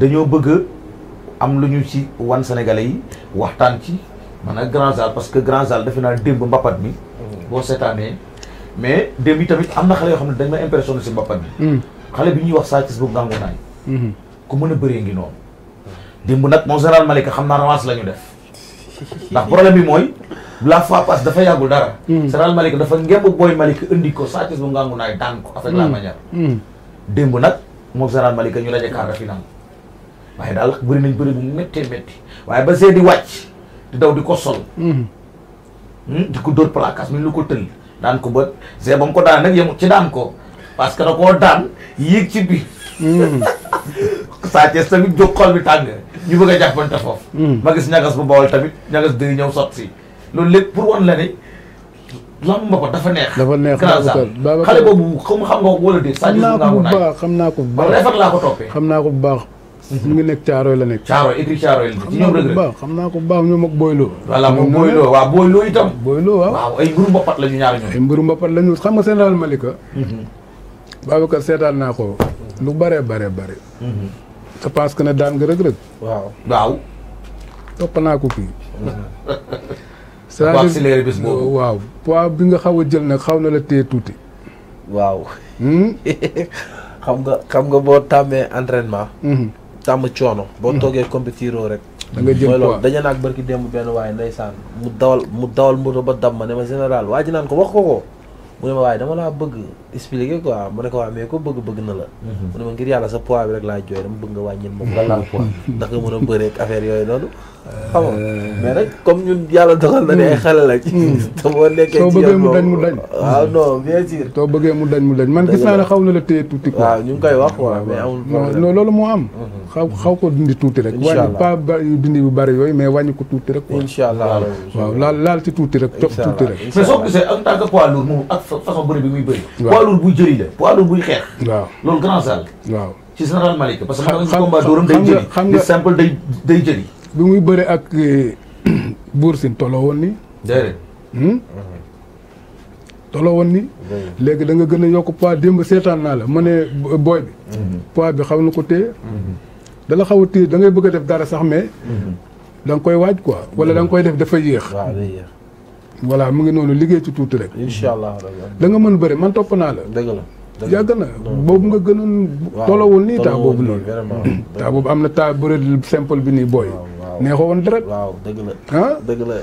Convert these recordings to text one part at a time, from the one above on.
dañoo bëgg am lu ñu ci wan sénégalais yi waxtaan ci man ak grand zal parce que grand zal defe naa démb mbappat mi boo seetaanee mais démb tamit am na xale yoo xam ne dañ ma impressionné si mbappat mi hmm. xale bi ñuy wax saa bu ngangu naay hmm. ku mën a ngi noonu démb nag mon général Malika xam naa revanche la ñu def ndax problème bi mooy la fois passe dafa yàggul dara hmm. général Malika dafa ngemb boy Malika indi ko saa cis bu ngangu naay daan ko avec la manière démb nag mon général Malika ñu daje quart waaye daal bëri nañ bëri bu méttee métti waaye ba see di wàcc di daw di ko sol. Mhm. Hmm? di ko dóor placage mi lu ko tëll daan ko ba see ba mu ko daan nag yemu ci daan ko parce que da ko daan yéeg ci biir. Mhm. Sa Thiès tamit jóg xol bi tàng ñu bëgg a jàppante foofu. Mhm. ma gis ñagas bu bawal tamit ñagas dëgg ñëw sot si loolu lépp pour wan la ne lamb ko dafa neex. dafa neex xale boobu xam nga naa ko bu baax xam naa ko bu xam naa ko bu baax. mu ngi nekk Caaroy la nekk. Caaroy écrit Caaroy la nekk ci ñoom rëgg baax xam naa ko baax ñoom ak Boylo. voilà moom Boylo waaw Boylo itam. Boylo waaw waaw ay mbiru mbapat la ñu ñaar ñoom. ay mbiru mbapat la ñu xam nga Général Malika. Mhm. Babacar seetaan naa ko mhm. lu bare bare bare. Mhm. je pense que ne daan nga rëgg rëgg. waaw waaw. topp naa ko fii. c'est-à-dire bis boobu waaw poids bi nga xaw a jël nag xaw na la téye tuuti. waaw. Hmm? xam nga xam nga boo tàmmee entraînement. Hmm. tàmm coono. Mm. boo toogee compétiroo rek. da nga jël quoi daje naag barki démb benn waaye ndeysaan mu dawal mu dawal moto ba dab ma ne ma général waa ji naan ko wax ko ko. mu ne ma waaye dama bëgg expliquer quoi mu ne ko waa mais ko bëgg bëgg na mhm. ma euh, mais nag comme ñun yàlla dogal hmm. la ci. Hmm. te boo nekkee yow ah, soo bëggee mu dañ mu dañ. mu dañ mu man gis naa ne xaw na la téye tuuti quoi. ñu ngi wax quoi mais amul problème. non loolu moo am. Mhm. xaw ko dindi tuuti rek. incha allah ba dindi bu bari yooyu mais wàññi ko tuuti rek. incha allah waaw laal laal ci tuuti rek. incha allah tuuti rek. mais soo façon bëri bi muy bëri. waaw poids lourd buy jëri buy xeex. waaw loolu grand salle. waaw ci général Malick parce que xam nga combat dóoram day jëri xam nga simple day day jëri. bi muy bëri ak eh, Bour Sine tolloo woon ni. déedéet. Hmm? woon ni. léegi da nga gën a yokk poids démb seetaan naa la ma ne booy bi. Mm-hmm. poids bi xaw na ko téye. Mm-hmm. dala xaw a téye da ngay bëgg a def dara sax mais. Mm-hmm. da koy waaj ko wala da koy def dafa yéex. voilà mu ngi noonu liggéey ci tuuti rek. incha allah da nga mën bëri man topp naa la. dëgg la na boobu nga gënoon. waaw tolowul nii taa boobu noonu. Hmm, taa boobu am na taa bëri simple bi nii booy. neexoo woon dara. waaw dëgg la ah dëgg la.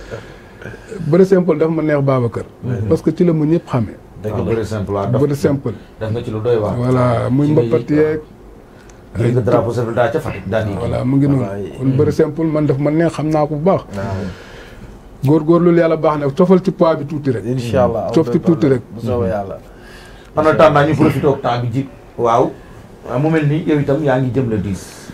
bëri simple ma neex Babacar. parce que ci la mu ñëpp xamee. dëgg la bëri simple waaw bëri simple. def nga ci lu doy waar. voilà muy mbapat yeeg. ay drapeau ca Fatick mu ngi noonu. kon bëri simple man daf ma neex xam naa ko bu baax. góor góorgóorlu yàlla baax na tofal ci poids bi tuuti rek. incha allah mm. tof ci tuuti rek. bu soobee yàlla. en attendant ñu profité ak temps bi ji. waaw ah, mu mel ni yow yaa ngi jëm le 10.